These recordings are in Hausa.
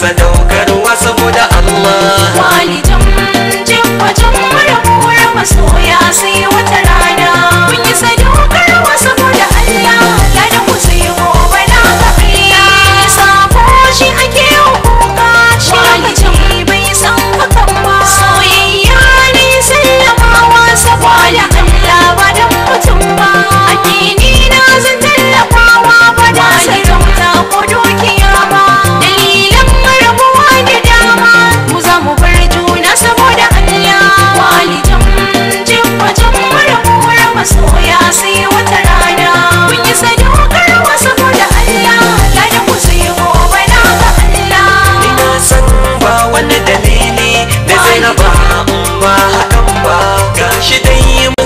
sadaukarwa saboda Allah walijan jin wajen mara mura masoya sai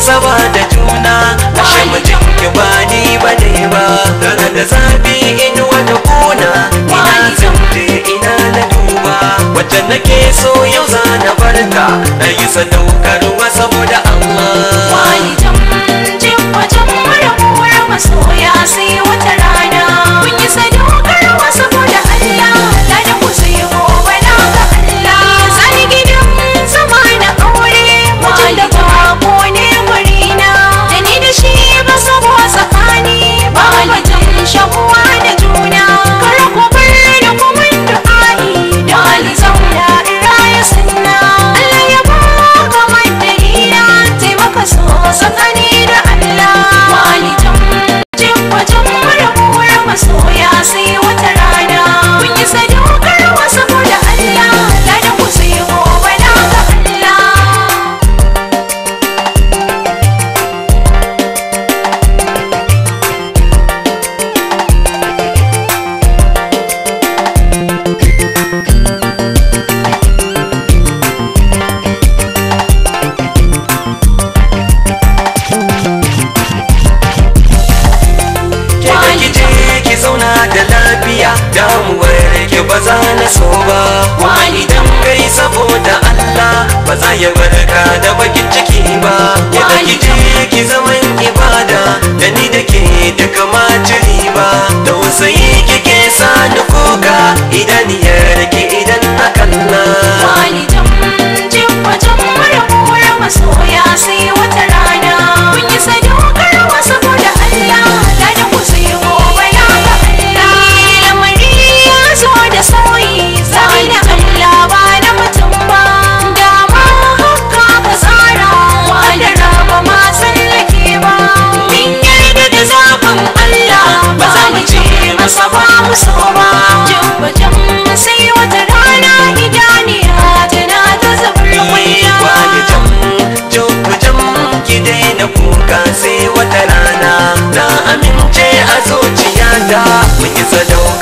saba da juna ashe mijin ki ba ni ba ne ba daga da zafi in wata kuna ina zamte ina na duba wacce nake so yau zana barka na yi sanawa za na so ba walidan kai saboda Allah ba za ya barka da bakin ciki ba ya ki ji ki zaman ibada da ni da ke da kama ba da wasayi kike sa ni kuka idan ya haka sai wata rana na amince a zuciyata mun yi sadau